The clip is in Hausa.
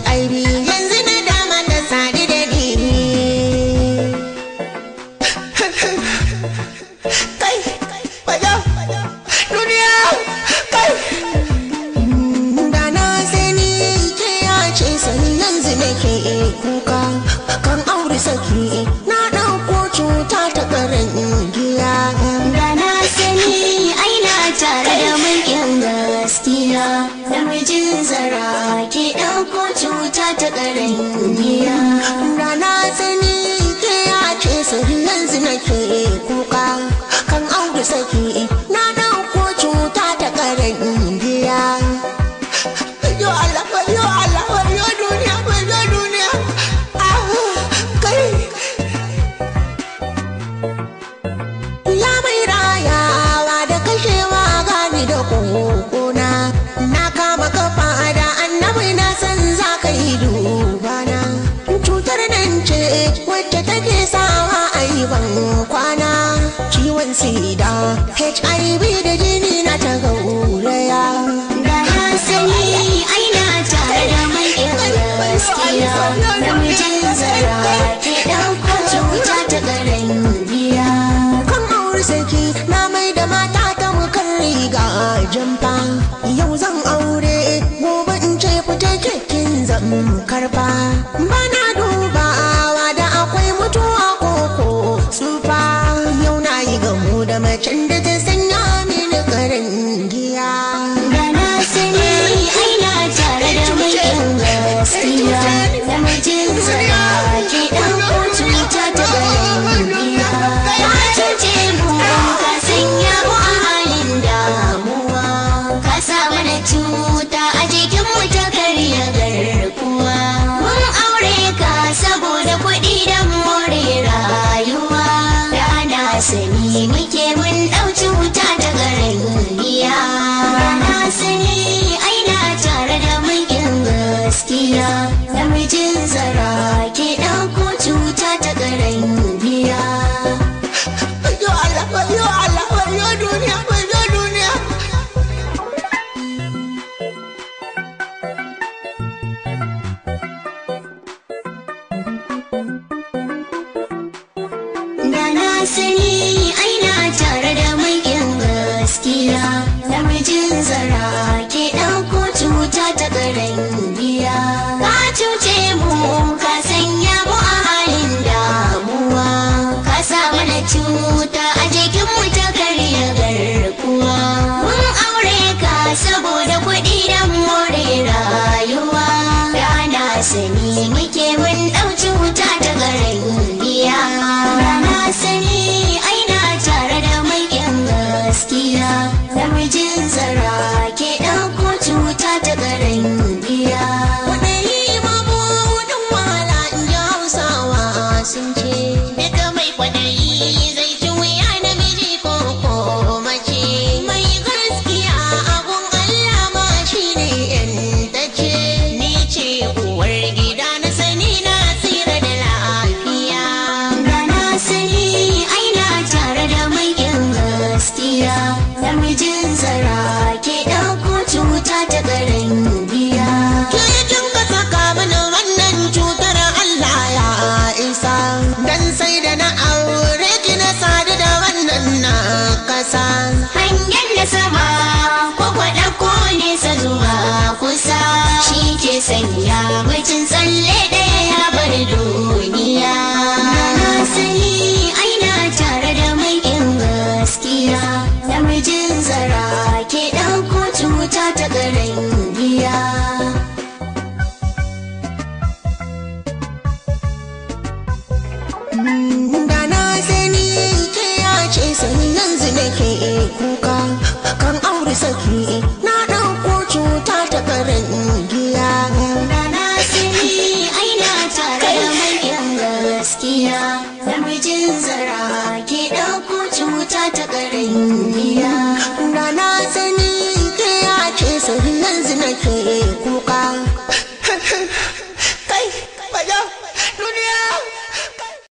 HIV. ko cuta ta ƙarangiya rana tsani ke ya ce sarin nan zina ke kuka kan audu saki ciwon sida hiv da jini na ta uraya da hasali aina tare da mai gaskiya namijin zara ke ɗauka cuta ta garin biya kan aure saki na mai da mata ta mukan riga jamfa yau zan aure gobe in ce fita kekin zan karfa bana chân đất biya namijin zara ke ɗauko cuta ta karen biya ka cuce mu ka sanya hangen na sama ko kwaɗa ko nesa zuwa kusa shi ke sanya mutum tsalle ɗaya ya bar duk ta garin